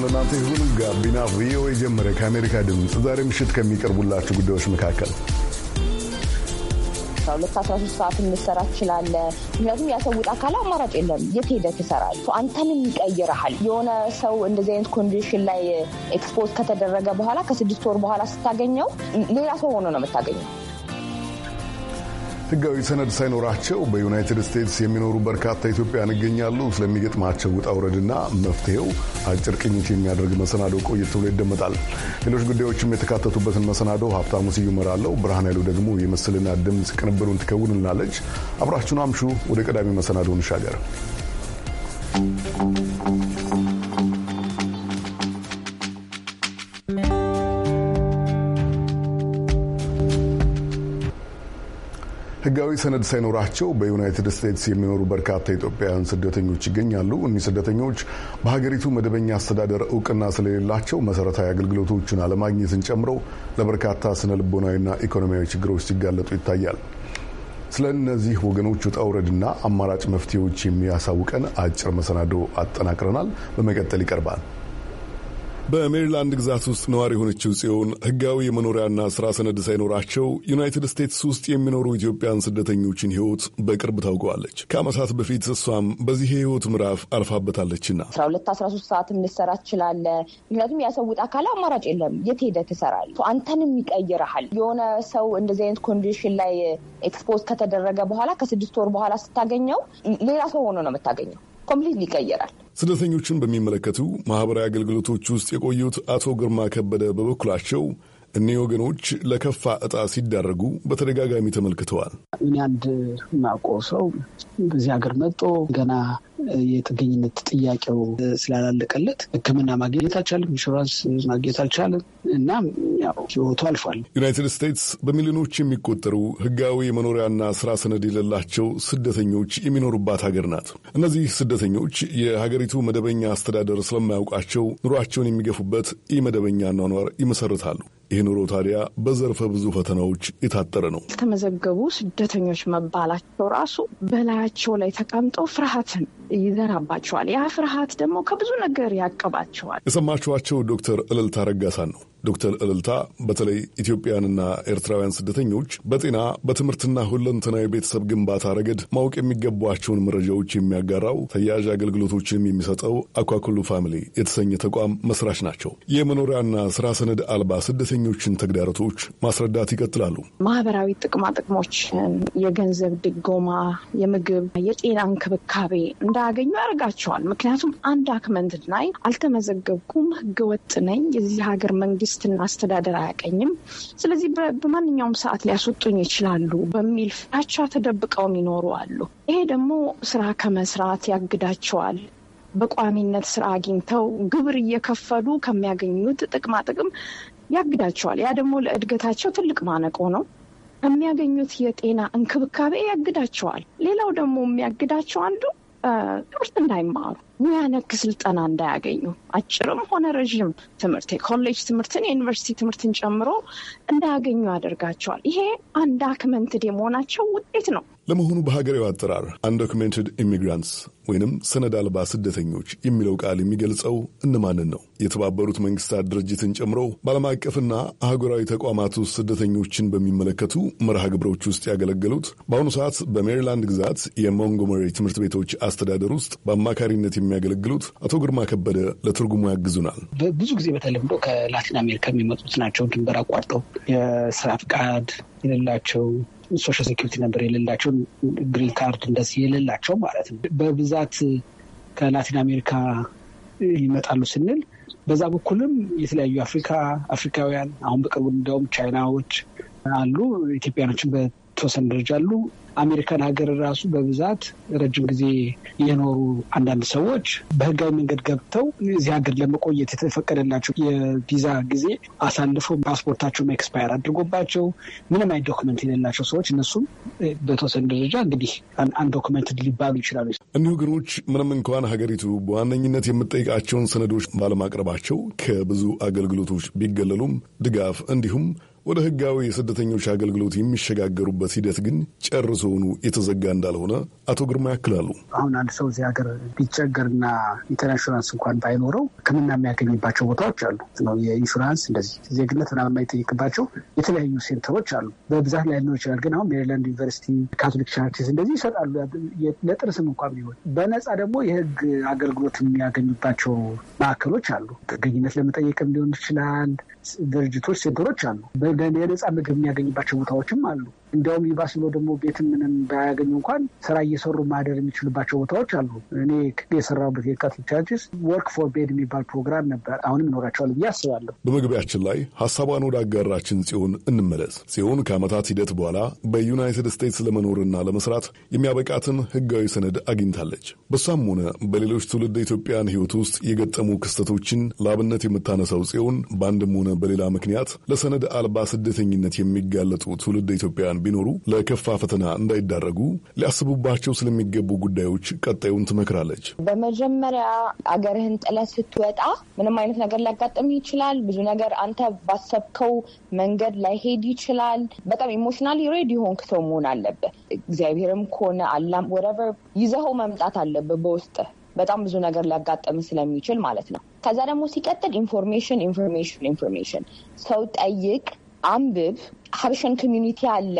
ሰላም ለእናንተ ይሁን። ጋቢና ቪኦኤ ጀመረ። ከአሜሪካ ድምፅ ዛሬ ምሽት ከሚቀርቡላችሁ ጉዳዮች መካከል ሁለት አስራ ሶስት ሰዓት እንሰራ ችላለ ምክንያቱም ያሰውጥ አካል አማራጭ የለም። የት ሄደ ትሰራል? አንተንም ይቀይረሃል። የሆነ ሰው እንደዚህ አይነት ኮንዲሽን ላይ ኤክስፖዝ ከተደረገ በኋላ ከስድስት ወር በኋላ ስታገኘው ሌላ ሰው ሆኖ ነው የምታገኘው። ህጋዊ ሰነድ ሳይኖራቸው በዩናይትድ ስቴትስ የሚኖሩ በርካታ ኢትዮጵያን ይገኛሉ። ስለሚገጥማቸው ውጣ ውረድና መፍትሄው አጭር ቅኝት የሚያደርግ መሰናዶ ቆየት ብሎ ይደመጣል። ሌሎች ጉዳዮችም የተካተቱበትን መሰናዶ ሀብታሙ ስዩም እመራለሁ። ብርሃን ያሉ ደግሞ የምስልና ድምፅ ቅንብሩን ትከውንልናለች። አብራችሁን አምሹ። ወደ ቀዳሚ መሰናዶ እንሻገር። ህጋዊ ሰነድ ሳይኖራቸው በዩናይትድ ስቴትስ የሚኖሩ በርካታ ኢትዮጵያውያን ስደተኞች ይገኛሉ። እኒህ ስደተኞች በሀገሪቱ መደበኛ አስተዳደር እውቅና ስለሌላቸው መሰረታዊ አገልግሎቶችን አለማግኘትን ጨምሮ ለበርካታ ስነ ልቦናዊና ኢኮኖሚያዊ ችግሮች ሲጋለጡ ይታያል። ስለ እነዚህ ወገኖች ውጣ ውረድና አማራጭ መፍትሄዎች የሚያሳውቀን አጭር መሰናዶ አጠናቅረናል። በመቀጠል ይቀርባል። በሜሪላንድ ግዛት ውስጥ ነዋሪ የሆነችው ጽዮን ህጋዊ የመኖሪያና ስራ ሰነድ ሳይኖራቸው ዩናይትድ ስቴትስ ውስጥ የሚኖሩ ኢትዮጵያን ስደተኞችን ህይወት በቅርብ ታውቀዋለች። ከዓመታት በፊት እሷም በዚህ የህይወት ምዕራፍ አልፋበታለችና አስራ ሁለት አስራ ሶስት ሰዓት ልትሰራ ትችላለህ። ምክንያቱም ያሰውጥ አካል አማራጭ የለም። የት ሄደህ ትሰራለህ? አንተንም ይቀይረሃል። የሆነ ሰው እንደዚህ አይነት ኮንዲሽን ላይ ኤክስፖዝ ከተደረገ በኋላ ከስድስት ወር በኋላ ስታገኘው ሌላ ሰው ሆኖ ነው የምታገኘው። ኮምፕሊት ይቀይራል። ስደተኞችን በሚመለከቱ ማህበራዊ አገልግሎቶች ውስጥ የቆዩት አቶ ግርማ ከበደ በበኩላቸው እኒህ ወገኖች ለከፋ እጣ ሲዳረጉ በተደጋጋሚ ተመልክተዋል። እኔ አንድ ማቆ ሰው በዚህ ሀገር መጦ ገና የጥገኝነት ጥያቄው ስላላለቀለት ሕክምና ማግኘት አልቻለም፣ ኢንሹራንስ ማግኘት አልቻለም እና ያው ሕይወቱ አልፏል። ዩናይትድ ስቴትስ በሚሊዮኖች የሚቆጠሩ ህጋዊ የመኖሪያና ስራ ሰነድ የሌላቸው ስደተኞች የሚኖሩባት ሀገር ናት። እነዚህ ስደተኞች የሀገሪቱ መደበኛ አስተዳደር ስለማያውቃቸው ኑሯቸውን የሚገፉበት ኢ መደበኛ ኗኗር ይመሰርታሉ። ይህ ኑሮ ታዲያ በዘርፈ ብዙ ፈተናዎች የታጠረ ነው። የተመዘገቡ ስደተኞች መባላቸው ራሱ በላያቸው ላይ ተቀምጠው ፍርሃትን ይዘራባቸዋል። ያ ፍርሃት ደግሞ ከብዙ ነገር ያቀባቸዋል። የሰማችኋቸው ዶክተር እልልታ ረጋሳን ነው። ዶክተር እልልታ በተለይ ኢትዮጵያውያንና ኤርትራውያን ስደተኞች በጤና በትምህርትና ሁለንተናዊ ቤተሰብ ግንባታ ረገድ ማወቅ የሚገቧቸውን መረጃዎች የሚያጋራው ተያያዥ አገልግሎቶችንም የሚሰጠው አኳኩሉ ፋሚሊ የተሰኘ ተቋም መስራች ናቸው። የመኖሪያና ስራ ሰነድ አልባ ስደተኞችን ተግዳሮቶች ማስረዳት ይቀጥላሉ። ማህበራዊ ጥቅማ የገንዘብ ድጎማ፣ የምግብ፣ የጤና እንክብካቤ እንዳያገኙ ያደርጋቸዋል። ምክንያቱም አንድ አክመንት ላይ አልተመዘገብኩም፣ ህገወጥ ነኝ፣ የዚህ ሀገር መንግስት መንግስትና አስተዳደር አያቀኝም፣ ስለዚህ በማንኛውም ሰዓት ሊያስወጡኝ ይችላሉ በሚል ፍራቻ ተደብቀውም ይኖሩ አሉ። ይሄ ደግሞ ስራ ከመስራት ያግዳቸዋል። በቋሚነት ስራ አግኝተው ግብር እየከፈሉ ከሚያገኙት ጥቅማ ጥቅም ያግዳቸዋል። ያ ደግሞ ለእድገታቸው ትልቅ ማነቆ ነው። ከሚያገኙት የጤና እንክብካቤ ያግዳቸዋል። ሌላው ደግሞ የሚያግዳቸው አንዱ ትምህርት እንዳይማሩ ሙያ ነክ ስልጠና እንዳያገኙ አጭርም ሆነ ረዥም ትምህርት የኮሌጅ ትምህርትን የዩኒቨርሲቲ ትምህርትን ጨምሮ እንዳያገኙ ያደርጋቸዋል። ይሄ አንዳክመንትድ የመሆናቸው ውጤት ነው። ለመሆኑ በሀገሬው አጠራር አንዶክሜንትድ ኢሚግራንትስ ወይንም ሰነድ አልባ ስደተኞች የሚለው ቃል የሚገልጸው እነማንን ነው? የተባበሩት መንግስታት ድርጅትን ጨምሮ በዓለም አቀፍና አህጉራዊ ተቋማት ውስጥ ስደተኞችን በሚመለከቱ መርሃ ግብሮች ውስጥ ያገለገሉት በአሁኑ ሰዓት በሜሪላንድ ግዛት የሞንጎመሪ ትምህርት ቤቶች አስተዳደር ውስጥ በአማካሪነት የሚ የሚያገለግሉት አቶ ግርማ ከበደ ለትርጉሙ ያግዙናል። ብዙ ጊዜ በተለምዶ ከላቲን አሜሪካ የሚመጡት ናቸው። ድንበር አቋርጠው የስራ ፍቃድ የሌላቸው ሶሻል ሴኪሪቲ ነበር የሌላቸው ግሪን ካርድ እንደዚህ የሌላቸው ማለት ነው። በብዛት ከላቲን አሜሪካ ይመጣሉ ስንል በዛ በኩልም የተለያዩ አፍሪካ አፍሪካውያን አሁን በቅርቡ እንዲያውም ቻይናዎች አሉ። ኢትዮጵያኖችን በተወሰነ ደረጃ አሉ። አሜሪካን ሀገር ራሱ በብዛት ረጅም ጊዜ የኖሩ አንዳንድ ሰዎች በህጋዊ መንገድ ገብተው እዚህ ሀገር ለመቆየት የተፈቀደላቸው የቪዛ ጊዜ አሳልፈው ፓስፖርታቸው ኤክስፓየር አድርጎባቸው ምንም አይ ዶክመንት የሌላቸው ሰዎች እነሱም በተወሰነ ደረጃ እንግዲህ አንድ ዶክመንት ሊባሉ ይችላሉ። እኒሁ ሀገሮች ምንም እንኳን ሀገሪቱ በዋነኝነት የምጠይቃቸውን ሰነዶች ባለማቅረባቸው ከብዙ አገልግሎቶች ቢገለሉም ድጋፍ እንዲሁም ወደ ህጋዊ የስደተኞች አገልግሎት የሚሸጋገሩበት ሂደት ግን ጨርሶውኑ የተዘጋ እንዳልሆነ አቶ ግርማ ያክላሉ። አሁን አንድ ሰው እዚህ ሀገር ቢቸገርና ኢንሹራንስ እንኳን ባይኖረው ሕክምና የሚያገኝባቸው ቦታዎች አሉ። የኢንሹራንስ እንደዚህ ዜግነት ምናምን የማይጠይቅባቸው የተለያዩ ሴንተሮች አሉ። በብዛት ሊኖር ይችላል። ግን አሁን ሜሪላንድ ዩኒቨርሲቲ፣ ካቶሊክ ቻርቲስ እንደዚህ ይሰጣሉ። ለጥርስም እንኳ ቢሆን በነፃ ደግሞ የህግ አገልግሎት የሚያገኙባቸው ማዕከሎች አሉ። ጥገኝነት ለመጠየቅም ሊሆን ይችላል ድርጅቶች፣ ሴንተሮች አሉ። በነፃ ምግብ የሚያገኝባቸው ቦታዎችም አሉ። እንዲያውም ይባስ ብሎ ደግሞ ቤት ምንም ባያገኙ እንኳን ስራ እየሰሩ ማደር የሚችሉባቸው ቦታዎች አሉ። እኔ የሰራበት የካቶሊክ ቻርችስ ወርክ ፎር ቤድ የሚባል ፕሮግራም ነበር። አሁንም ይኖራቸዋል ብዬ አስባለሁ። በመግቢያችን ላይ ሀሳቧን ወደ አጋራችን ጽዮን እንመለስ። ጽዮን ከዓመታት ሂደት በኋላ በዩናይትድ ስቴትስ ለመኖርና ለመስራት የሚያበቃትን ህጋዊ ሰነድ አግኝታለች። በሷም ሆነ በሌሎች ትውልድ ኢትዮጵያን ህይወት ውስጥ የገጠሙ ክስተቶችን ለአብነት የምታነሳው ጽዮን በአንድም ሆነ በሌላ ምክንያት ለሰነድ አልባ ስደተኝነት የሚጋለጡ ትውልድ ኢትዮጵያን መካከል ቢኖሩ ለከፋ ፈተና እንዳይዳረጉ ሊያስቡባቸው ስለሚገቡ ጉዳዮች ቀጣዩን ትመክራለች። በመጀመሪያ አገርህን ጥለህ ስትወጣ ምንም አይነት ነገር ሊያጋጥም ይችላል። ብዙ ነገር አንተ ባሰብከው መንገድ ላይሄድ ይችላል። በጣም ኢሞሽናል ሬዲ ሆንክ ሰው መሆን አለብህ። እግዚአብሔርም ከሆነ አላም ወረቨር ይዘኸው መምጣት አለብህ በውስጥ በጣም ብዙ ነገር ሊያጋጠም ስለሚችል ማለት ነው። ከዛ ደግሞ ሲቀጥል ኢንፎርሜሽን ኢንፎርሜሽን ኢንፎርሜሽን ሰው ጠይቅ አንብብ። ሀበሻን ኮሚኒቲ አለ።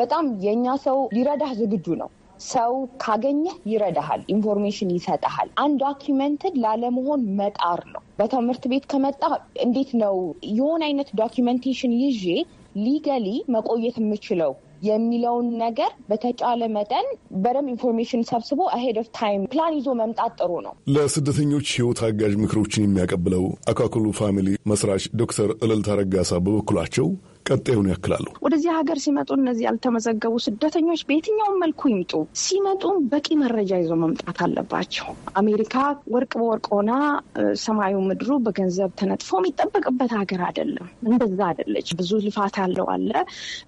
በጣም የእኛ ሰው ሊረዳህ ዝግጁ ነው። ሰው ካገኘህ ይረዳሃል፣ ኢንፎርሜሽን ይሰጠሃል። አንድ ዶኪመንትን ላለመሆን መጣር ነው። በትምህርት ቤት ከመጣ እንዴት ነው የሆነ አይነት ዶኪመንቴሽን ይዤ ሊገሊ መቆየት የምችለው የሚለውን ነገር በተጫለ መጠን በደንብ ኢንፎርሜሽን ሰብስቦ አሄድ ኦፍ ታይም ፕላን ይዞ መምጣት ጥሩ ነው። ለስደተኞች ህይወት አጋዥ ምክሮችን የሚያቀብለው አካክሉ ፋሚሊ መስራች ዶክተር እልልታ ረጋሳ በበኩላቸው ቀጣዩን ያክላሉ። ወደዚህ ሀገር ሲመጡ እነዚህ ያልተመዘገቡ ስደተኞች በየትኛውም መልኩ ይምጡ፣ ሲመጡም በቂ መረጃ ይዞ መምጣት አለባቸው። አሜሪካ ወርቅ በወርቅ ሆና ሰማዩ ምድሩ በገንዘብ ተነጥፎ የሚጠበቅበት ሀገር አይደለም። እንደዛ አይደለች። ብዙ ልፋት ያለው አለ፣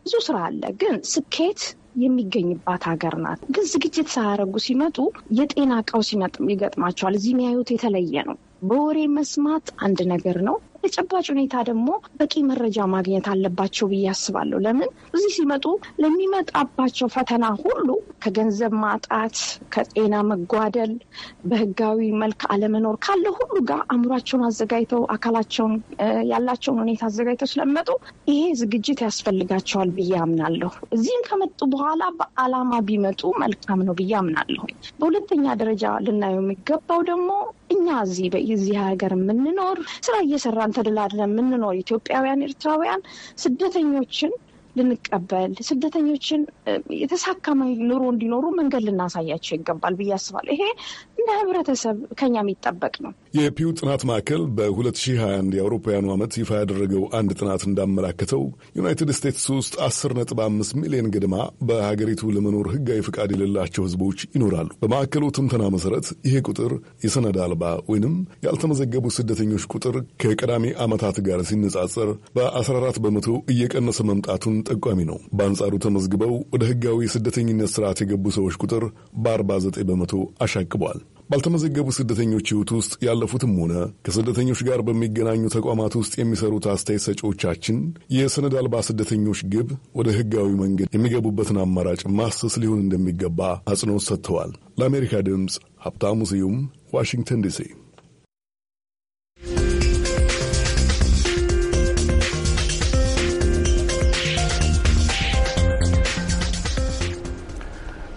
ብዙ ስራ አለ። ግን ስኬት የሚገኝባት ሀገር ናት። ግን ዝግጅት ሳያደርጉ ሲመጡ የጤና ቀውስ ይገጥማቸዋል። እዚህ የሚያዩት የተለየ ነው። በወሬ መስማት አንድ ነገር ነው። በተጨባጭ ሁኔታ ደግሞ በቂ መረጃ ማግኘት አለባቸው ብዬ አስባለሁ። ለምን እዚህ ሲመጡ ለሚመጣባቸው ፈተና ሁሉ ከገንዘብ ማጣት፣ ከጤና መጓደል፣ በህጋዊ መልክ አለመኖር ካለ ሁሉ ጋር አእምሯቸውን አዘጋጅተው አካላቸውን ያላቸውን ሁኔታ አዘጋጅተው ስለመጡ ይሄ ዝግጅት ያስፈልጋቸዋል ብዬ አምናለሁ። እዚህም ከመጡ በኋላ በአላማ ቢመጡ መልካም ነው ብዬ አምናለሁ። በሁለተኛ ደረጃ ልናየው የሚገባው ደግሞ እኛ እዚህ በዚህ ሀገር የምንኖር ስራ እየሰራን ተደላድለን የምንኖር ኢትዮጵያውያን፣ ኤርትራውያን ስደተኞችን ልንቀበል ስደተኞችን የተሳካ ኑሮ እንዲኖሩ መንገድ ልናሳያቸው ይገባል ብዬ አስባለሁ። ይሄ እንደ ህብረተሰብ ከኛ የሚጠበቅ ነው። የፒው ጥናት ማዕከል በ2021 የአውሮፓውያኑ ዓመት ይፋ ያደረገው አንድ ጥናት እንዳመላከተው ዩናይትድ ስቴትስ ውስጥ 10.5 ሚሊዮን ገድማ በሀገሪቱ ለመኖር ህጋዊ ፍቃድ የሌላቸው ህዝቦች ይኖራሉ። በማዕከሉ ትንተና መሰረት ይሄ ቁጥር የሰነድ አልባ ወይንም ያልተመዘገቡ ስደተኞች ቁጥር ከቀዳሚ ዓመታት ጋር ሲነጻጸር በ14 በመቶ እየቀነሰ መምጣቱን ጠቋሚ ነው። በአንጻሩ ተመዝግበው ወደ ህጋዊ ስደተኝነት ስርዓት የገቡ ሰዎች ቁጥር በ49 በመቶ አሻቅቧል። ባልተመዘገቡ ስደተኞች ሕይወት ውስጥ ያለፉትም ሆነ ከስደተኞች ጋር በሚገናኙ ተቋማት ውስጥ የሚሰሩት አስተያየት ሰጪዎቻችን የሰነድ አልባ ስደተኞች ግብ ወደ ህጋዊ መንገድ የሚገቡበትን አማራጭ ማሰስ ሊሆን እንደሚገባ አጽንኦት ሰጥተዋል። ለአሜሪካ ድምፅ ሀብታሙ ስዩም ዋሽንግተን ዲሲ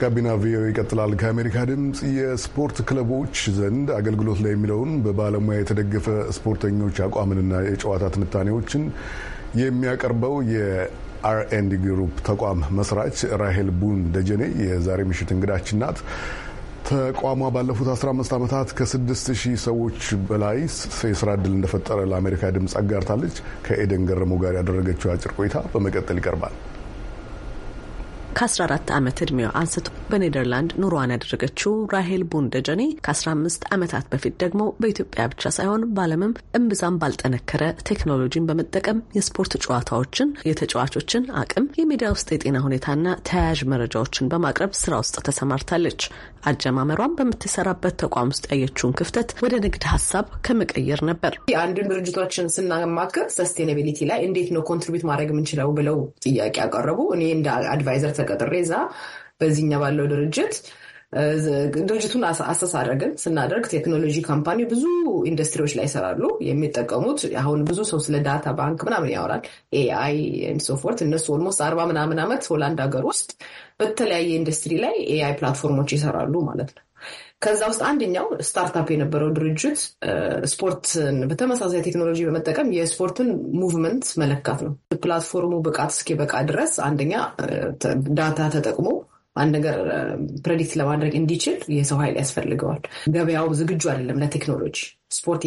ጋቢና ቪኦኤ ይቀጥላል። ከአሜሪካ ድምፅ የስፖርት ክለቦች ዘንድ አገልግሎት ላይ የሚለውን በባለሙያ የተደገፈ ስፖርተኞች አቋምንና የጨዋታ ትንታኔዎችን የሚያቀርበው የአርኤንዲ ግሩፕ ተቋም መስራች ራሄል ቡን ደጀኔ የዛሬ ምሽት እንግዳችን ናት። ተቋሟ ባለፉት 15 ዓመታት ከ6000 ሰዎች በላይ የስራ እድል እንደፈጠረ ለአሜሪካ ድምፅ አጋርታለች። ከኤደን ገረሞ ጋር ያደረገችው አጭር ቆይታ በመቀጠል ይቀርባል። ከ14 ዓመት ዕድሜው አንስቶ በኔደርላንድ ኑሯን ያደረገችው ራሄል ቡንደጀኔ ከ15 ዓመታት በፊት ደግሞ በኢትዮጵያ ብቻ ሳይሆን በዓለምም እምብዛም ባልጠነከረ ቴክኖሎጂን በመጠቀም የስፖርት ጨዋታዎችን፣ የተጫዋቾችን አቅም፣ የሜዳ ውስጥ የጤና ሁኔታና ተያያዥ መረጃዎችን በማቅረብ ስራ ውስጥ ተሰማርታለች። አጀማመሯን በምትሰራበት ተቋም ውስጥ ያየችውን ክፍተት ወደ ንግድ ሀሳብ ከመቀየር ነበር። አንድን ድርጅቶችን ስናማክር ሰስቴናቢሊቲ ላይ እንዴት ነው ኮንትሪቢዩት ማድረግ የምንችለው ብለው ጥያቄ ያቀረቡ እኔ እንደ አድቫይዘር ተቀጥሬ እዛ በዚህኛ ባለው ድርጅት ድርጅቱን አሰሳ ስናደርግ ቴክኖሎጂ ካምፓኒ ብዙ ኢንዱስትሪዎች ላይ ይሰራሉ። የሚጠቀሙት አሁን ብዙ ሰው ስለ ዳታ ባንክ ምናምን ያወራል ኤአይ ኤንድ ሶፎርት። እነሱ ኦልሞስት አርባ ምናምን ዓመት ሆላንድ ሀገር ውስጥ በተለያየ ኢንዱስትሪ ላይ ኤአይ ፕላትፎርሞች ይሰራሉ ማለት ነው። ከዛ ውስጥ አንደኛው ስታርታፕ የነበረው ድርጅት ስፖርትን በተመሳሳይ ቴክኖሎጂ በመጠቀም የስፖርትን ሙቭመንት መለካት ነው። ፕላትፎርሙ ብቃት እስኪበቃ ድረስ አንደኛ ዳታ ተጠቅሞ አንድ ነገር ፕሬዲክት ለማድረግ እንዲችል የሰው ኃይል ያስፈልገዋል። ገበያው ዝግጁ አይደለም ለቴክኖሎጂ። ስፖርት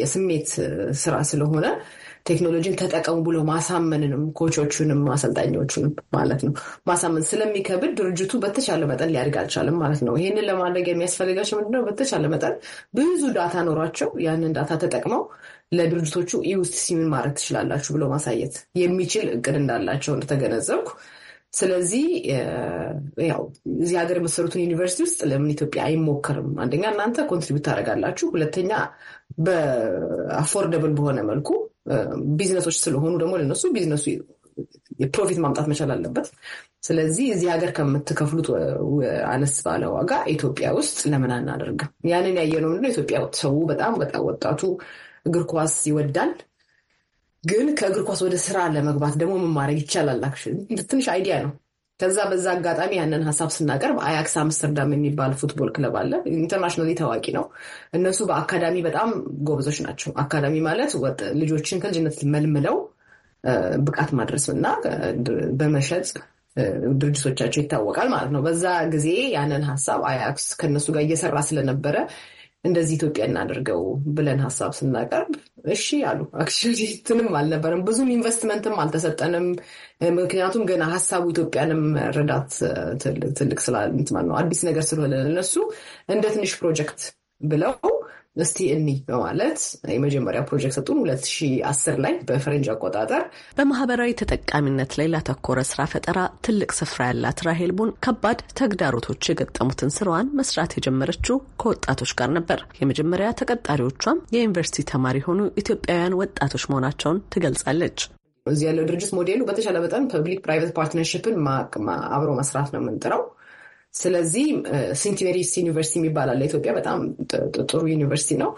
የስሜት ስራ ስለሆነ ቴክኖሎጂን ተጠቀሙ ብሎ ማሳመንንም ኮቾቹንም አሰልጣኞቹንም ማለት ነው ማሳመን ስለሚከብድ ድርጅቱ በተቻለ መጠን ሊያድግ አልቻለም ማለት ነው። ይህንን ለማድረግ የሚያስፈልጋቸው ምንድነው? በተቻለ መጠን ብዙ ዳታ ኖሯቸው ያንን ዳታ ተጠቅመው ለድርጅቶቹ ኢውስት ሲምን ማድረግ ትችላላችሁ ብሎ ማሳየት የሚችል እቅድ እንዳላቸው እንደተገነዘብኩ ስለዚህ ያው እዚህ ሀገር የመሰሩትን ዩኒቨርሲቲ ውስጥ ለምን ኢትዮጵያ አይሞከርም? አንደኛ እናንተ ኮንትሪቢዩት ታደርጋላችሁ፣ ሁለተኛ በአፎርደብል በሆነ መልኩ ቢዝነሶች ስለሆኑ ደግሞ ለነሱ ቢዝነሱ የፕሮፊት ማምጣት መቻል አለበት። ስለዚህ እዚህ ሀገር ከምትከፍሉት አነስ ባለ ዋጋ ኢትዮጵያ ውስጥ ለምን አናደርግም? ያንን ያየነው ምንድን ኢትዮጵያ ሰው በጣም በጣም ወጣቱ እግር ኳስ ይወዳል። ግን ከእግር ኳስ ወደ ስራ ለመግባት ደግሞ ምን ማድረግ ይቻላል? ትንሽ አይዲያ ነው ከዛ በዛ አጋጣሚ ያንን ሀሳብ ስናቀርብ አያክስ አምስተርዳም የሚባል ፉትቦል ክለብ አለ። ኢንተርናሽናሊ ታዋቂ ነው። እነሱ በአካዳሚ በጣም ጎበዞች ናቸው። አካዳሚ ማለት ወጥ ልጆችን ከልጅነት መልምለው ብቃት ማድረስ እና በመሸጥ ድርጅቶቻቸው ይታወቃል ማለት ነው። በዛ ጊዜ ያንን ሀሳብ አያክስ ከእነሱ ጋር እየሰራ ስለነበረ እንደዚህ ኢትዮጵያ እናደርገው ብለን ሀሳብ ስናቀርብ እሺ አሉ። አክቹዋሊ እንትንም አልነበረም፣ ብዙም ኢንቨስትመንትም አልተሰጠንም። ምክንያቱም ገና ሀሳቡ ኢትዮጵያንም ረዳት ትልቅ ነው አዲስ ነገር ስለሆነ ለነሱ እንደ ትንሽ ፕሮጀክት ብለው እስቲ እኒህ በማለት የመጀመሪያ ፕሮጀክት ሰጡን። ሁለት ሺ አስር ላይ በፈረንጅ አቆጣጠር በማህበራዊ ተጠቃሚነት ላይ ላተኮረ ስራ ፈጠራ ትልቅ ስፍራ ያላት ራሄል ቡን ከባድ ተግዳሮቶች የገጠሙትን ስራዋን መስራት የጀመረችው ከወጣቶች ጋር ነበር። የመጀመሪያ ተቀጣሪዎቿም የዩኒቨርሲቲ ተማሪ የሆኑ ኢትዮጵያውያን ወጣቶች መሆናቸውን ትገልጻለች። እዚህ ያለው ድርጅት ሞዴሉ በተቻለ መጠን ፐብሊክ ፕራይቬት ፓርትነርሽፕን አብሮ መስራት ነው የምንጥረው ስለዚህ ሜሪስ ዩኒቨርሲቲ የሚባላል አለ ኢትዮጵያ በጣም ጥሩ ዩኒቨርሲቲ ነው።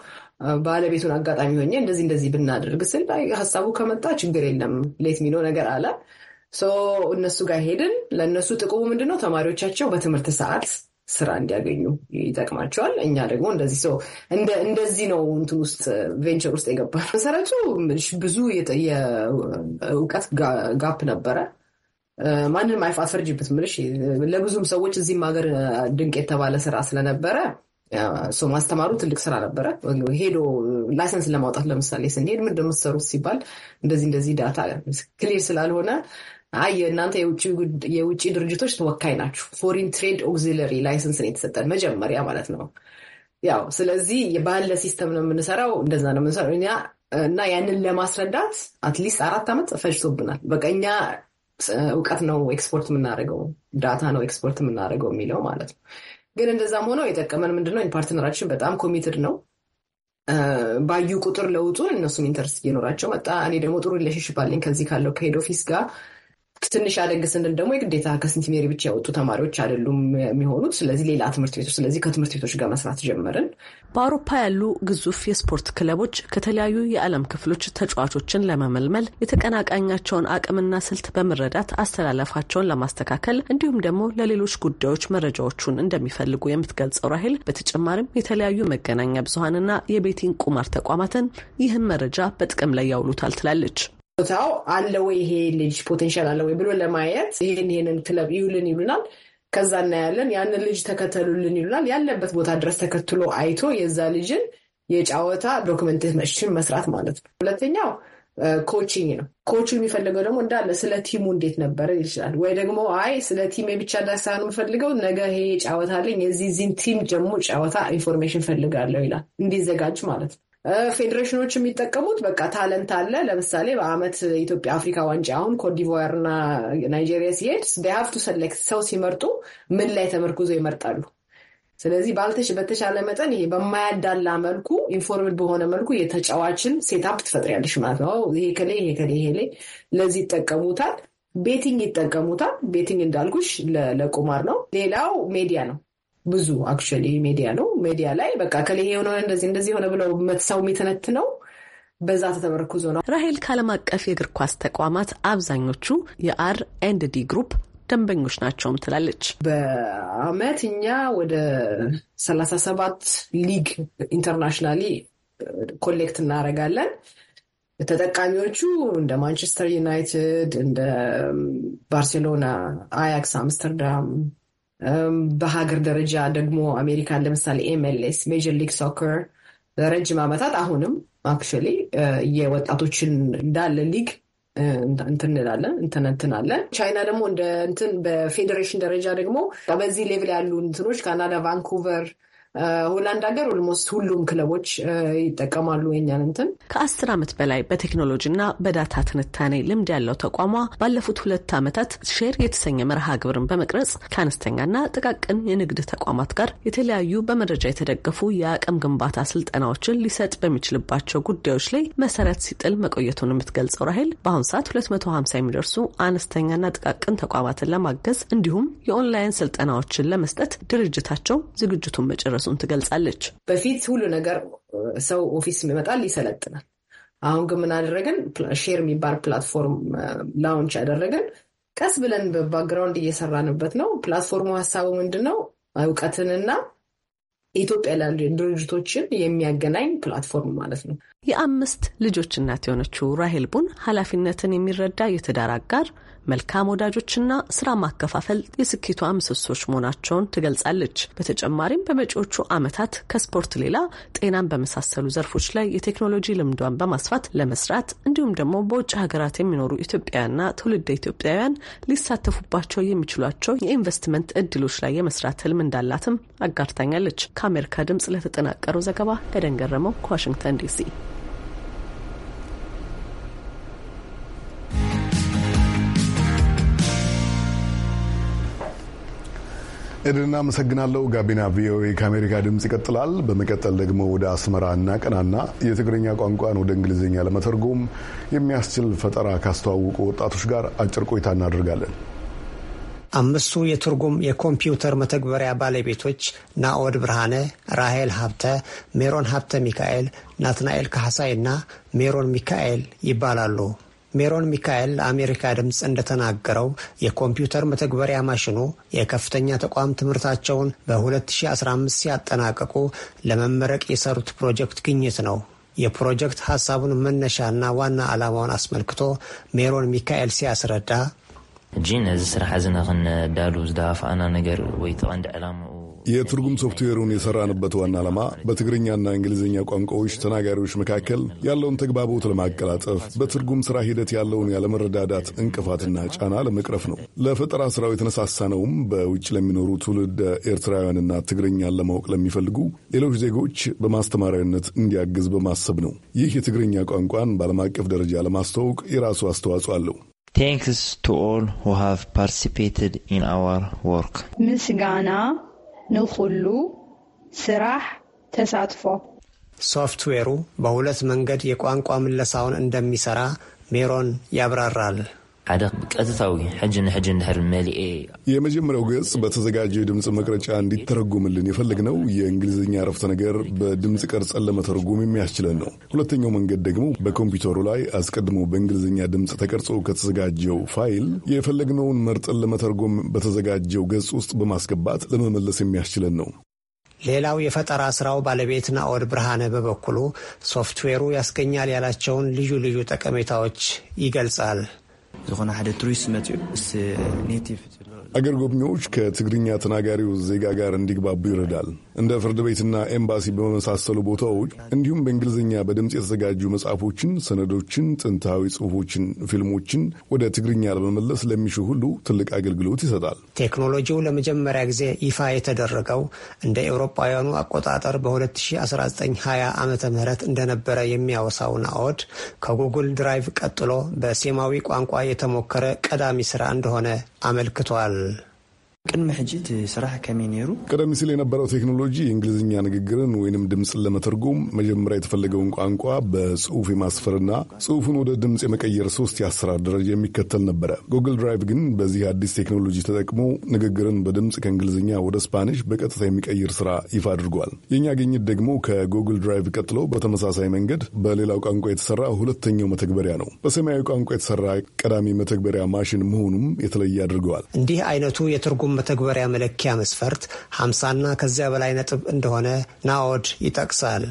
ባለቤቱን አጋጣሚ ሆኜ እንደዚህ እንደዚህ ብናደርግ ስል ሀሳቡ ከመጣ ችግር የለም ሌት ሚኖ ነገር አለ። እነሱ ጋር ሄድን። ለእነሱ ጥቅሙ ምንድነው? ተማሪዎቻቸው በትምህርት ሰዓት ስራ እንዲያገኙ ይጠቅማቸዋል። እኛ ደግሞ እንደዚህ ሰው እንደዚህ ነው እንትን ውስጥ ቬንቸር ውስጥ የገባ መሰረቱ ብዙ የእውቀት ጋፕ ነበረ። ማንንም አፈርጅበት ምልሽ ለብዙም ሰዎች እዚህም ሀገር ድንቅ የተባለ ስራ ስለነበረ ሰው ማስተማሩ ትልቅ ስራ ነበረ። ሄዶ ላይሰንስ ለማውጣት ለምሳሌ ስንሄድ ምንድን ነው የምትሰሩት ሲባል እንደዚህ እንደዚህ ዳታ ክሊር ስላልሆነ አይ የእናንተ የውጭ ድርጅቶች ተወካይ ናችሁ፣ ፎሪን ትሬድ ኦግዚለሪ ላይሰንስ ነው የተሰጠን መጀመሪያ ማለት ነው። ያው ስለዚህ ባለ ሲስተም ነው የምንሰራው፣ እንደዛ ነው የምንሰራው እና ያንን ለማስረዳት አትሊስት አራት ዓመት ፈጅቶብናል። በቃ እኛ እውቀት ነው ኤክስፖርት የምናደርገው፣ ዳታ ነው ኤክስፖርት የምናደርገው የሚለው ማለት ነው። ግን እንደዛም ሆነው የጠቀመን ምንድነው ፓርትነራችን በጣም ኮሚትድ ነው። ባዩ ቁጥር ለውጡን እነሱም ኢንተርስት እየኖራቸው መጣ። እኔ ደግሞ ጥሩ ሪሌሽንሽፕ አለኝ ከዚህ ካለው ከሄድ ኦፊስ ጋር ትንሽ አደግ ስንል ደግሞ የግዴታ ከሴንት ሜሪ ብቻ የወጡ ተማሪዎች አይደሉም የሚሆኑት። ስለዚህ ሌላ ትምህርት ቤቶች ስለዚህ ከትምህርት ቤቶች ጋር መስራት ጀመርን። በአውሮፓ ያሉ ግዙፍ የስፖርት ክለቦች ከተለያዩ የዓለም ክፍሎች ተጫዋቾችን ለመመልመል የተቀናቃኛቸውን አቅምና ስልት በመረዳት አስተላለፋቸውን ለማስተካከል እንዲሁም ደግሞ ለሌሎች ጉዳዮች መረጃዎቹን እንደሚፈልጉ የምትገልጸው ራሄል በተጨማሪም የተለያዩ መገናኛ ብዙሀንና የቤቲንግ ቁማር ተቋማትን ይህን መረጃ በጥቅም ላይ ያውሉታል ትላለች። ቦታው አለ ወይ ይሄ ልጅ ፖቴንሻል አለ ወይ ብሎ ለማየት ይህን ይህንን ክለብ ይውልን ይሉናል። ከዛ እናያለን። ያንን ልጅ ተከተሉልን ይሉናል። ያለበት ቦታ ድረስ ተከትሎ አይቶ የዛ ልጅን የጫወታ ዶክመንቴሽን መስራት ማለት ነው። ሁለተኛው ኮቺንግ ነው። ኮቹ የሚፈልገው ደግሞ እንዳለ ስለ ቲሙ እንዴት ነበረ ይችላል ወይ ደግሞ አይ ስለ ቲም የብቻ ዳሳ ነው የምፈልገው ነገ ይሄ ጫወታ አለኝ የዚህ ዚን ቲም ደግሞ ጫወታ ኢንፎርሜሽን ፈልጋለሁ ይላል። እንዲዘጋጅ ማለት ነው። ፌዴሬሽኖች የሚጠቀሙት በቃ ታለንት አለ። ለምሳሌ በአመት ኢትዮጵያ አፍሪካ ዋንጫ አሁን ኮትዲቫር እና ናይጄሪያ ሲሄድ ቱ ሰሌክት ሰው ሲመርጡ ምን ላይ ተመርኩዞ ይመርጣሉ? ስለዚህ በተሻለ መጠን ይሄ በማያዳላ መልኩ ኢንፎርምድ በሆነ መልኩ የተጫዋችን ሴታፕ ትፈጥሪያለሽ ማለት ነው። ይሄ ከሌ ይሄ ከሌ ይሄ ላይ ለዚህ ይጠቀሙታል። ቤቲንግ ይጠቀሙታል። ቤቲንግ እንዳልኩሽ ለቁማር ነው። ሌላው ሜዲያ ነው። ብዙ አክቹዋሊ ሜዲያ ነው። ሜዲያ ላይ በቃ ከላይ የሆነ እንደዚህ እንደዚህ የሆነ ብለው ሰው ነው በዛ ተተመርኩዞ ነው። ራሄል ከዓለም አቀፍ የእግር ኳስ ተቋማት አብዛኞቹ የአር ኤንድ ዲ ግሩፕ ደንበኞች ናቸውም ትላለች። በአመት እኛ ወደ ሰላሳ ሰባት ሊግ ኢንተርናሽናሊ ኮሌክት እናደርጋለን። ተጠቃሚዎቹ እንደ ማንቸስተር ዩናይትድ፣ እንደ ባርሴሎና፣ አያክስ አምስተርዳም በሀገር ደረጃ ደግሞ አሜሪካን ለምሳሌ ኤምኤልኤስ ሜጀር ሊግ ሶከር ለረጅም ዓመታት አሁንም አክቹዋሊ የወጣቶችን እንዳለ ሊግ እንትን እንላለን እንትን እንትን ቻይና ደግሞ እንደ እንትን በፌዴሬሽን ደረጃ ደግሞ በዚህ ሌቭል ያሉ እንትኖች ካናዳ፣ ቫንኩቨር ሆላንድ ሀገር ኦልሞስት ሁሉም ክለቦች ይጠቀማሉ የኛን እንትን። ከአስር ዓመት በላይ በቴክኖሎጂ በዳታ ትንታኔ ልምድ ያለው ተቋሟ ባለፉት ሁለት ዓመታት ሼር የተሰኘ መርሃ ግብርን በመቅረጽ ከአነስተኛና ጥቃቅን የንግድ ተቋማት ጋር የተለያዩ በመረጃ የተደገፉ የአቅም ግንባታ ስልጠናዎችን ሊሰጥ በሚችልባቸው ጉዳዮች ላይ መሰረት ሲጥል መቆየቱን የምትገልጸው ራሄል በአሁኑ ሰዓት 250 የሚደርሱ አነስተኛና ጥቃቅን ተቋማትን ለማገዝ እንዲሁም የኦንላይን ስልጠናዎችን ለመስጠት ድርጅታቸው ዝግጅቱን መጨረሱ መቀነሱን ትገልጻለች። በፊት ሁሉ ነገር ሰው ኦፊስ ይመጣል፣ ይሰለጥናል። አሁን ግን ምን አደረገን? ሼር የሚባል ፕላትፎርም ላውንች ያደረገን ቀስ ብለን በባክግራውንድ እየሰራንበት ነው። ፕላትፎርሙ ሀሳቡ ምንድን ነው? እውቀትንና ኢትዮጵያ ላሉ ድርጅቶችን የሚያገናኝ ፕላትፎርም ማለት ነው። የአምስት ልጆች እናት የሆነችው ራሄል ቡን ኃላፊነትን የሚረዳ የትዳር አጋር፣ መልካም ወዳጆችና ስራ ማከፋፈል የስኬቷ ምሰሶች መሆናቸውን ትገልጻለች። በተጨማሪም በመጪዎቹ ዓመታት ከስፖርት ሌላ ጤናን በመሳሰሉ ዘርፎች ላይ የቴክኖሎጂ ልምዷን በማስፋት ለመስራት እንዲሁም ደግሞ በውጭ ሀገራት የሚኖሩ ኢትዮጵያውያንና ትውልደ ኢትዮጵያውያን ሊሳተፉባቸው የሚችሏቸው የኢንቨስትመንት እድሎች ላይ የመስራት ህልም እንዳላትም አጋርታኛለች። ከአሜሪካ ድምጽ ለተጠናቀረው ዘገባ ኤደን ገረመው ከዋሽንግተን ዲሲ ኤደን እናመሰግናለሁ። ጋቢና ቪኦኤ ከአሜሪካ ድምፅ ይቀጥላል። በመቀጠል ደግሞ ወደ አስመራ እናቀናና የትግርኛ ቋንቋን ወደ እንግሊዝኛ ለመተርጎም የሚያስችል ፈጠራ ካስተዋወቁ ወጣቶች ጋር አጭር ቆይታ እናደርጋለን። አምስቱ የትርጉም የኮምፒውተር መተግበሪያ ባለቤቶች ናኦድ ብርሃነ፣ ራሄል ሀብተ፣ ሜሮን ሀብተ ሚካኤል፣ ናትናኤል እና ሜሮን ሚካኤል ይባላሉ። ሜሮን ሚካኤል ለአሜሪካ ድምፅ እንደተናገረው የኮምፒውተር መተግበሪያ ማሽኑ የከፍተኛ ተቋም ትምህርታቸውን በ2015 ሲያጠናቀቁ ለመመረቅ የሰሩት ፕሮጀክት ግኝት ነው። የፕሮጀክት ሀሳቡን መነሻና ዋና ዓላማውን አስመልክቶ ሜሮን ሚካኤል ሲያስረዳ ጂን እዚ ስራሕ እዚ ንክንዳሉ ዝደፋእና ነገር ወይ ተቐንዲ ዕላማ የትርጉም ሶፍትዌሩን የሰራንበት ዋና ዓላማ በትግርኛና እንግሊዝኛ ቋንቋዎች ተናጋሪዎች መካከል ያለውን ተግባቦት ለማቀላጠፍ በትርጉም ስራ ሂደት ያለውን ያለመረዳዳት እንቅፋትና ጫና ለመቅረፍ ነው። ለፈጠራ ስራው የተነሳሳነውም በውጭ ለሚኖሩ ትውልድ ኤርትራውያንና ትግርኛን ለማወቅ ለሚፈልጉ ሌሎች ዜጎች በማስተማሪያነት እንዲያግዝ በማሰብ ነው። ይህ የትግርኛ ቋንቋን በዓለም አቀፍ ደረጃ ለማስተዋወቅ የራሱ አስተዋጽኦ አለው። ቴንክስ to all who have participated ምስጋና ንኹሉ ስራሕ ተሳትፎ ሶፍትዌሩ በሁለት መንገድ የቋንቋ ምለሳውን እንደሚሰራ ሜሮን ያብራራል። ሓደ ቀጥታዊ ሕጂ ንሕጂ እንድሕር መሊኤ የመጀመሪያው ገጽ በተዘጋጀው የድምፅ መቅረጫ እንዲተረጉምልን የፈለግነው የእንግሊዝኛ ረፍተ ነገር በድምፅ ቀርጸን ለመተርጎም የሚያስችለን ነው። ሁለተኛው መንገድ ደግሞ በኮምፒውተሩ ላይ አስቀድሞ በእንግሊዝኛ ድምፅ ተቀርጾ ከተዘጋጀው ፋይል የፈለግነውን መርጠን ለመተርጎም በተዘጋጀው ገጽ ውስጥ በማስገባት ለመመለስ የሚያስችለን ነው። ሌላው የፈጠራ ስራው ባለቤት ናኦድ ብርሃነ በበኩሉ ሶፍትዌሩ ያስገኛል ያላቸውን ልዩ ልዩ ጠቀሜታዎች ይገልጻል። ن ت አገር ጎብኚዎች ከትግርኛ ተናጋሪው ዜጋ ጋር እንዲግባቡ ይረዳል። እንደ ፍርድ ቤትና ኤምባሲ በመሳሰሉ ቦታዎች እንዲሁም በእንግሊዝኛ በድምፅ የተዘጋጁ መጽሐፎችን፣ ሰነዶችን፣ ጥንታዊ ጽሑፎችን፣ ፊልሞችን ወደ ትግርኛ ለመመለስ ለሚሹ ሁሉ ትልቅ አገልግሎት ይሰጣል። ቴክኖሎጂው ለመጀመሪያ ጊዜ ይፋ የተደረገው እንደ ኤውሮፓውያኑ አቆጣጠር በ2019 20 ዓመተ እንደነበረ የሚያወሳውን አወድ ከጉግል ድራይቭ ቀጥሎ በሴማዊ ቋንቋ የተሞከረ ቀዳሚ ስራ እንደሆነ አመልክቷል። ቅድመ ሕጂ እቲ ስራሕ ከመይ ነይሩ? ቀደም ሲል የነበረው ቴክኖሎጂ የእንግሊዝኛ ንግግርን ወይንም ድምፅን ለመተርጎም መጀመሪያ የተፈለገውን ቋንቋ በጽሁፍ የማስፈርና ጽሁፉን ወደ ድምፅ የመቀየር ሶስት የአሰራር ደረጃ የሚከተል ነበረ። ጉግል ድራይቭ ግን በዚህ አዲስ ቴክኖሎጂ ተጠቅሞ ንግግርን በድምፅ ከእንግሊዝኛ ወደ ስፓኒሽ በቀጥታ የሚቀይር ስራ ይፋ አድርጓል። የእኛ ግኝት ደግሞ ከጉግል ድራይቭ ቀጥሎ በተመሳሳይ መንገድ በሌላው ቋንቋ የተሰራ ሁለተኛው መተግበሪያ ነው። በሰማያዊ ቋንቋ የተሰራ ቀዳሚ መተግበሪያ ማሽን መሆኑም የተለየ አድርገዋል። እንዲህ አይነቱ የትርጉም መተግበሪያ መለኪያ መስፈርት 50ና ከዚያ በላይ ነጥብ እንደሆነ ናኦድ ይጠቅሳል።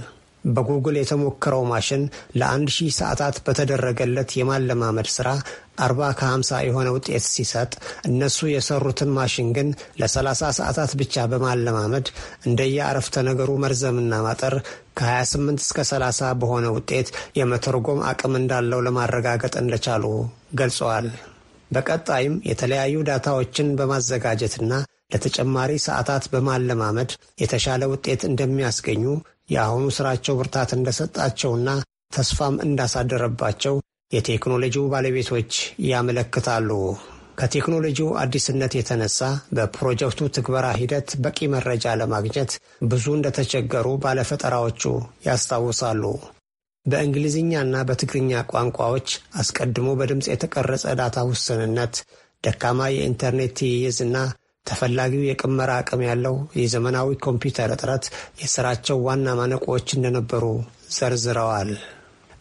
በጉግል የተሞከረው ማሽን ለ ሺህ ሰዓታት በተደረገለት የማለማመድ ሥራ 40 ከ50 የሆነ ውጤት ሲሰጥ እነሱ የሰሩትን ማሽን ግን ለ30 ሰዓታት ብቻ በማለማመድ እንደየአረፍተ ነገሩ መርዘምና ማጠር ከ28 እስከ 30 በሆነ ውጤት የመተርጎም አቅም እንዳለው ለማረጋገጥ እንደቻሉ ገልጸዋል። በቀጣይም የተለያዩ ዳታዎችን በማዘጋጀትና ለተጨማሪ ሰዓታት በማለማመድ የተሻለ ውጤት እንደሚያስገኙ የአሁኑ ስራቸው ብርታት እንደሰጣቸውና ተስፋም እንዳሳደረባቸው የቴክኖሎጂው ባለቤቶች ያመለክታሉ። ከቴክኖሎጂው አዲስነት የተነሳ በፕሮጀክቱ ትግበራ ሂደት በቂ መረጃ ለማግኘት ብዙ እንደተቸገሩ ባለፈጠራዎቹ ያስታውሳሉ። በእንግሊዝኛና በትግርኛ ቋንቋዎች አስቀድሞ በድምፅ የተቀረጸ ዳታ ውስንነት፣ ደካማ የኢንተርኔት ትይይዝና ተፈላጊው የቅመራ አቅም ያለው የዘመናዊ ኮምፒውተር እጥረት የሥራቸው ዋና ማነቆዎች እንደነበሩ ዘርዝረዋል።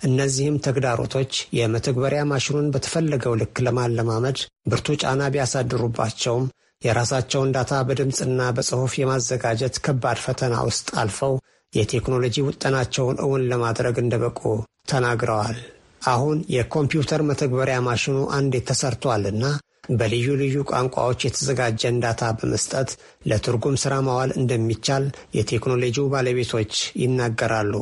እነዚህም ተግዳሮቶች የመተግበሪያ ማሽኑን በተፈለገው ልክ ለማለማመድ ብርቱ ጫና ቢያሳድሩባቸውም የራሳቸውን ዳታ በድምፅና በጽሑፍ የማዘጋጀት ከባድ ፈተና ውስጥ አልፈው የቴክኖሎጂ ውጠናቸውን እውን ለማድረግ እንደበቁ ተናግረዋል። አሁን የኮምፒውተር መተግበሪያ ማሽኑ አንዴ ተሰርቷልና በልዩ ልዩ ቋንቋዎች የተዘጋጀ እንዳታ በመስጠት ለትርጉም ሥራ ማዋል እንደሚቻል የቴክኖሎጂው ባለቤቶች ይናገራሉ።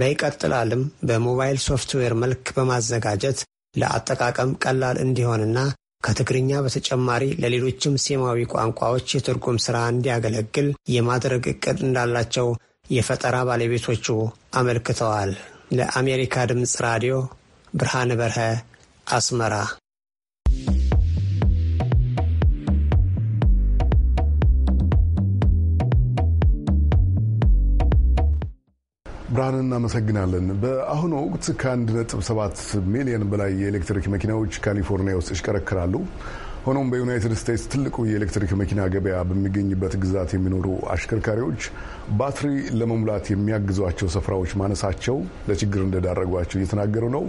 በይቀጥላልም በሞባይል ሶፍትዌር መልክ በማዘጋጀት ለአጠቃቀም ቀላል እንዲሆንና ከትግርኛ በተጨማሪ ለሌሎችም ሴማዊ ቋንቋዎች የትርጉም ሥራ እንዲያገለግል የማድረግ ዕቅድ እንዳላቸው የፈጠራ ባለቤቶቹ አመልክተዋል። ለአሜሪካ ድምፅ ራዲዮ ብርሃነ በርሀ አስመራ። ብርሃን እናመሰግናለን። በአሁኑ ወቅት ከ1.7 ሚሊዮን በላይ የኤሌክትሪክ መኪናዎች ካሊፎርኒያ ውስጥ ይሽከረከራሉ። ሆኖም በዩናይትድ ስቴትስ ትልቁ የኤሌክትሪክ መኪና ገበያ በሚገኝበት ግዛት የሚኖሩ አሽከርካሪዎች ባትሪ ለመሙላት የሚያግዟቸው ስፍራዎች ማነሳቸው ለችግር እንደዳረጓቸው እየተናገሩ ነው።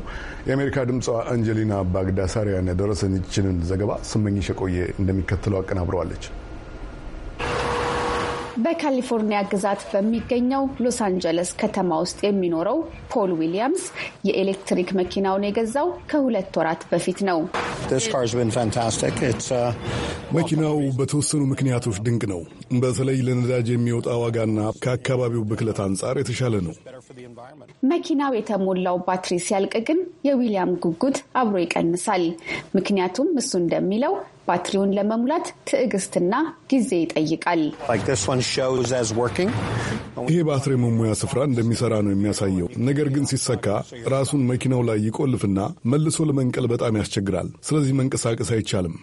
የአሜሪካ ድምጿ አንጀሊና ባግዳሳሪያን ያደረሰችንን ዘገባ ስመኝሽ የቆየ እንደሚከተለው አቀናብረዋለች። በካሊፎርኒያ ግዛት በሚገኘው ሎስ አንጀለስ ከተማ ውስጥ የሚኖረው ፖል ዊሊያምስ የኤሌክትሪክ መኪናውን የገዛው ከሁለት ወራት በፊት ነው። uh, መኪናው በተወሰኑ ምክንያቶች ድንቅ ነው። በተለይ ለነዳጅ የሚወጣ ዋጋና ከአካባቢው ብክለት አንጻር የተሻለ ነው። መኪናው የተሞላው ባትሪ ሲያልቅ ግን የዊሊያም ጉጉት አብሮ ይቀንሳል። ምክንያቱም እሱ እንደሚለው ባትሪውን ለመሙላት ትዕግስትና ጊዜ ይጠይቃል። ይሄ ባትሪ መሙያ ስፍራ እንደሚሰራ ነው የሚያሳየው። ነገር ግን ሲሰካ ራሱን መኪናው ላይ ይቆልፍና መልሶ ለመንቀል በጣም ያስቸግራል። ስለዚህ መንቀሳቀስ አይቻልም።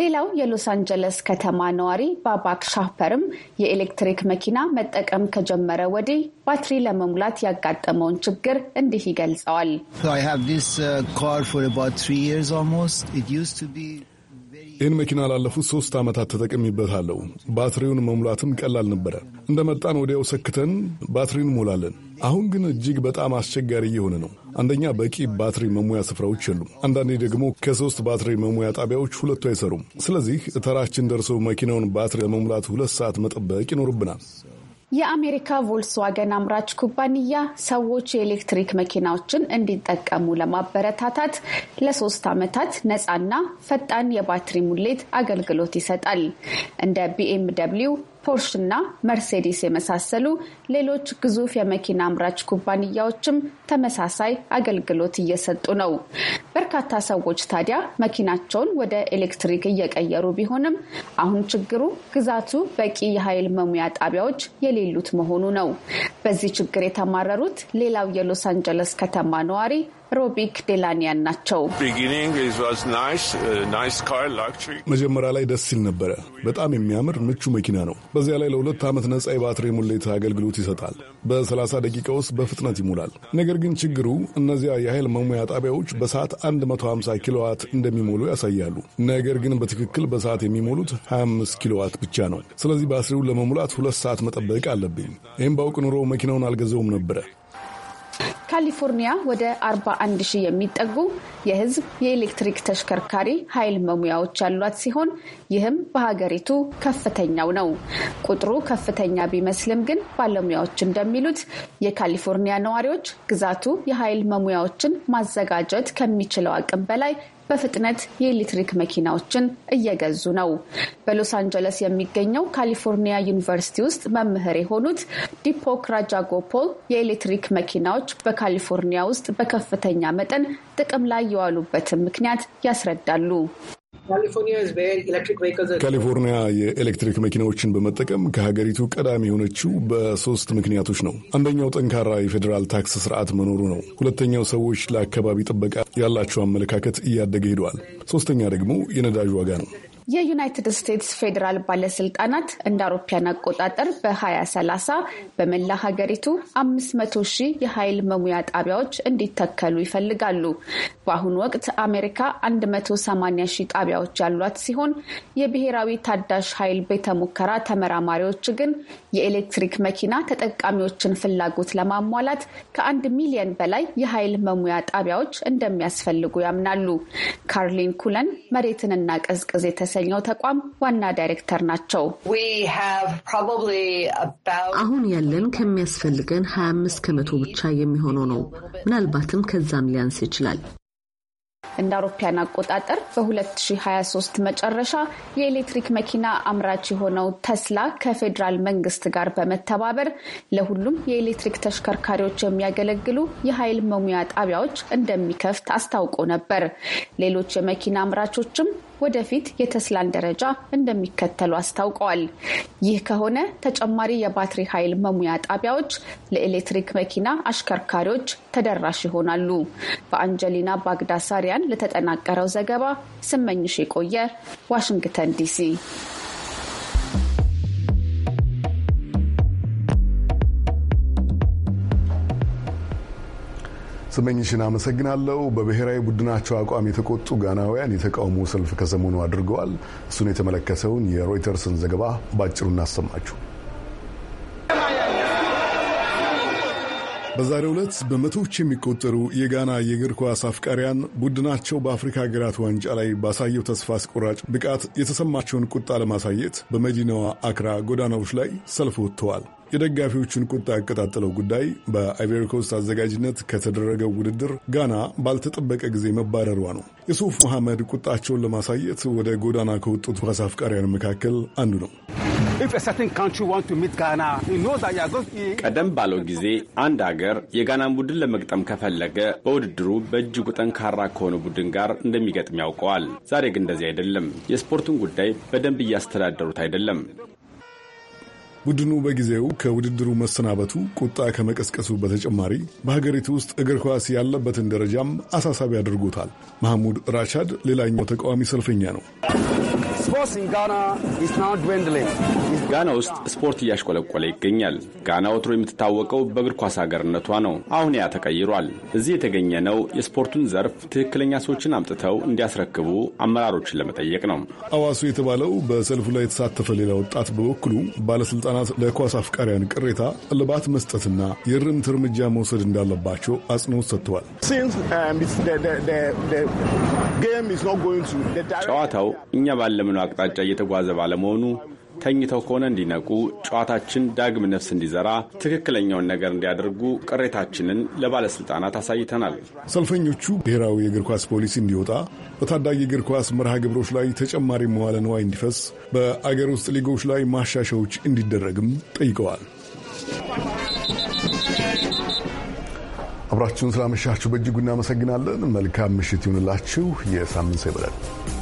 ሌላው የሎስ አንጀለስ ከተማ ነዋሪ ባባክ ሻፐርም የኤሌክትሪክ መኪና መጠቀም ከጀመረ ወዲህ ባትሪ ለመሙላት ያጋጠመውን ችግር እንዲህ ይገልጸዋል። ይህን መኪና ላለፉት ሶስት ዓመታት ተጠቅሜበታለሁ። ባትሪውን መሙላትም ቀላል ነበረ። እንደ መጣን ወዲያው ሰክተን ባትሪን ሞላለን። አሁን ግን እጅግ በጣም አስቸጋሪ እየሆነ ነው። አንደኛ በቂ ባትሪ መሙያ ስፍራዎች የሉም። አንዳንዴ ደግሞ ከሶስት ባትሪ መሙያ ጣቢያዎች ሁለቱ አይሰሩም። ስለዚህ ተራችን ደርሰው መኪናውን ባትሪ ለመሙላት ሁለት ሰዓት መጠበቅ ይኖርብናል። የአሜሪካ ቮልስዋገን አምራች ኩባንያ ሰዎች የኤሌክትሪክ መኪናዎችን እንዲጠቀሙ ለማበረታታት ለሶስት ዓመታት ነፃና ፈጣን የባትሪ ሙሌት አገልግሎት ይሰጣል። እንደ ደብሊው ፖርሽ እና መርሴዲስ የመሳሰሉ ሌሎች ግዙፍ የመኪና አምራች ኩባንያዎችም ተመሳሳይ አገልግሎት እየሰጡ ነው። በርካታ ሰዎች ታዲያ መኪናቸውን ወደ ኤሌክትሪክ እየቀየሩ ቢሆንም አሁን ችግሩ ግዛቱ በቂ የኃይል መሙያ ጣቢያዎች የሌሉት መሆኑ ነው። በዚህ ችግር የተማረሩት ሌላው የሎስ አንጀለስ ከተማ ነዋሪ ሮቢክ ዴላኒያን ናቸው። uh, መጀመሪያ ላይ ደስ ሲል ነበረ። በጣም የሚያምር ምቹ መኪና ነው። በዚያ ላይ ለሁለት ዓመት ነጻ የባትሪ ሙሌት አገልግሎት ይሰጣል። በ30 ደቂቃ ውስጥ በፍጥነት ይሞላል። ነገር ግን ችግሩ እነዚያ የኃይል መሙያ ጣቢያዎች በሰዓት 150 ኪሎዋት እንደሚሞሉ ያሳያሉ። ነገር ግን በትክክል በሰዓት የሚሞሉት 25 ኪሎዋት ብቻ ነው። ስለዚህ ባትሪውን ለመሙላት ሁለት ሰዓት መጠበቅ አለብኝ። ይህም ባውቅ ኑሮ መኪናውን አልገዘውም ነበረ። ካሊፎርኒያ ወደ 41 ሺህ የሚጠጉ የህዝብ የኤሌክትሪክ ተሽከርካሪ ኃይል መሙያዎች ያሏት ሲሆን ይህም በሀገሪቱ ከፍተኛው ነው። ቁጥሩ ከፍተኛ ቢመስልም ግን ባለሙያዎች እንደሚሉት የካሊፎርኒያ ነዋሪዎች ግዛቱ የኃይል መሙያዎችን ማዘጋጀት ከሚችለው አቅም በላይ በፍጥነት የኤሌክትሪክ መኪናዎችን እየገዙ ነው። በሎስ አንጀለስ የሚገኘው ካሊፎርኒያ ዩኒቨርሲቲ ውስጥ መምህር የሆኑት ዲፖክ ራጃጎፖል የኤሌክትሪክ መኪናዎች በካሊፎርኒያ ውስጥ በከፍተኛ መጠን ጥቅም ላይ የዋሉበትን ምክንያት ያስረዳሉ። ካሊፎርኒያ የኤሌክትሪክ መኪናዎችን በመጠቀም ከሀገሪቱ ቀዳሚ የሆነችው በሶስት ምክንያቶች ነው። አንደኛው ጠንካራ የፌዴራል ታክስ ስርዓት መኖሩ ነው። ሁለተኛው ሰዎች ለአካባቢ ጥበቃ ያላቸው አመለካከት እያደገ ሄደዋል። ሶስተኛ ደግሞ የነዳጅ ዋጋ ነው። የዩናይትድ ስቴትስ ፌዴራል ባለስልጣናት እንደ አውሮፓያን አቆጣጠር በ2030 በመላ ሀገሪቱ 500 ሺህ የኃይል መሙያ ጣቢያዎች እንዲተከሉ ይፈልጋሉ። በአሁኑ ወቅት አሜሪካ 180 ሺህ ጣቢያዎች ያሏት ሲሆን የብሔራዊ ታዳሽ ኃይል ቤተ ሙከራ ተመራማሪዎች ግን የኤሌክትሪክ መኪና ተጠቃሚዎችን ፍላጎት ለማሟላት ከአንድ ሚሊዮን በላይ የኃይል መሙያ ጣቢያዎች እንደሚያስፈልጉ ያምናሉ። ካርሊን ኩለን መሬትንና ቀዝቅዝ የተሰ የተሰኘው ተቋም ዋና ዳይሬክተር ናቸው። አሁን ያለን ከሚያስፈልገን 25 ከመቶ ብቻ የሚሆነው ነው። ምናልባትም ከዛም ሊያንስ ይችላል። እንደ አውሮፓያን አቆጣጠር በ2023 መጨረሻ የኤሌክትሪክ መኪና አምራች የሆነው ተስላ ከፌዴራል መንግስት ጋር በመተባበር ለሁሉም የኤሌክትሪክ ተሽከርካሪዎች የሚያገለግሉ የኃይል መሙያ ጣቢያዎች እንደሚከፍት አስታውቆ ነበር። ሌሎች የመኪና አምራቾችም ወደፊት የተስላን ደረጃ እንደሚከተሉ አስታውቀዋል። ይህ ከሆነ ተጨማሪ የባትሪ ኃይል መሙያ ጣቢያዎች ለኤሌክትሪክ መኪና አሽከርካሪዎች ተደራሽ ይሆናሉ። በአንጀሊና ባግዳሳሪያን ለተጠናቀረው ዘገባ ስመኝሽ የቆየ ዋሽንግተን ዲሲ ስመኝሽን አመሰግናለሁ። በብሔራዊ ቡድናቸው አቋም የተቆጡ ጋናውያን የተቃውሞ ሰልፍ ከሰሞኑ አድርገዋል። እሱን የተመለከተውን የሮይተርስን ዘገባ ባጭሩ እናሰማችሁ። በዛሬ ዕለት በመቶዎች የሚቆጠሩ የጋና የእግር ኳስ አፍቃሪያን ቡድናቸው በአፍሪካ ሀገራት ዋንጫ ላይ ባሳየው ተስፋ አስቆራጭ ብቃት የተሰማቸውን ቁጣ ለማሳየት በመዲናዋ አክራ ጎዳናዎች ላይ ሰልፍ ወጥተዋል። የደጋፊዎቹን ቁጣ ያቀጣጠለው ጉዳይ በአይቨሪኮስት አዘጋጅነት ከተደረገው ውድድር ጋና ባልተጠበቀ ጊዜ መባረሯ ነው። የሱፍ መሐመድ ቁጣቸውን ለማሳየት ወደ ጎዳና ከወጡት ኳስ አፍቃሪያን መካከል አንዱ ነው። ቀደም ባለው ጊዜ አንድ አገር የጋናን ቡድን ለመግጠም ከፈለገ በውድድሩ በእጅጉ ጠንካራ ከሆነ ቡድን ጋር እንደሚገጥም ያውቀዋል። ዛሬ ግን እንደዚህ አይደለም። የስፖርቱን ጉዳይ በደንብ እያስተዳደሩት አይደለም። ቡድኑ በጊዜው ከውድድሩ መሰናበቱ ቁጣ ከመቀስቀሱ በተጨማሪ በሀገሪቱ ውስጥ እግር ኳስ ያለበትን ደረጃም አሳሳቢ አድርጎታል። መሐሙድ ራሻድ ሌላኛው ተቃዋሚ ሰልፈኛ ነው። ጋና ውስጥ ስፖርት እያሽቆለቆለ ይገኛል። ጋና ወትሮ የምትታወቀው በእግር ኳስ ሀገርነቷ ነው። አሁን ያ ተቀይሯል። እዚህ የተገኘነው የስፖርቱን ዘርፍ ትክክለኛ ሰዎችን አምጥተው እንዲያስረክቡ አመራሮችን ለመጠየቅ ነው። አዋሱ የተባለው በሰልፉ ላይ የተሳተፈ ሌላ ወጣት በበኩሉ ባለስልጣናት ለኳስ አፍቃሪያን ቅሬታ እልባት መስጠትና የእርምት እርምጃ መውሰድ እንዳለባቸው አጽንኦት ሰጥተዋል። um, ጨዋታው እኛ ባለምን በዋናው አቅጣጫ እየተጓዘ ባለመሆኑ ተኝተው ከሆነ እንዲነቁ፣ ጨዋታችን ዳግም ነፍስ እንዲዘራ፣ ትክክለኛውን ነገር እንዲያደርጉ ቅሬታችንን ለባለስልጣናት አሳይተናል። ሰልፈኞቹ ብሔራዊ የእግር ኳስ ፖሊሲ እንዲወጣ፣ በታዳጊ እግር ኳስ መርሃ ግብሮች ላይ ተጨማሪ መዋለ ንዋይ እንዲፈስ፣ በአገር ውስጥ ሊጎች ላይ ማሻሻዎች እንዲደረግም ጠይቀዋል። አብራችሁን ስላመሻችሁ በእጅጉ እናመሰግናለን። መልካም ምሽት ይሁንላችሁ። የሳምንት ሰው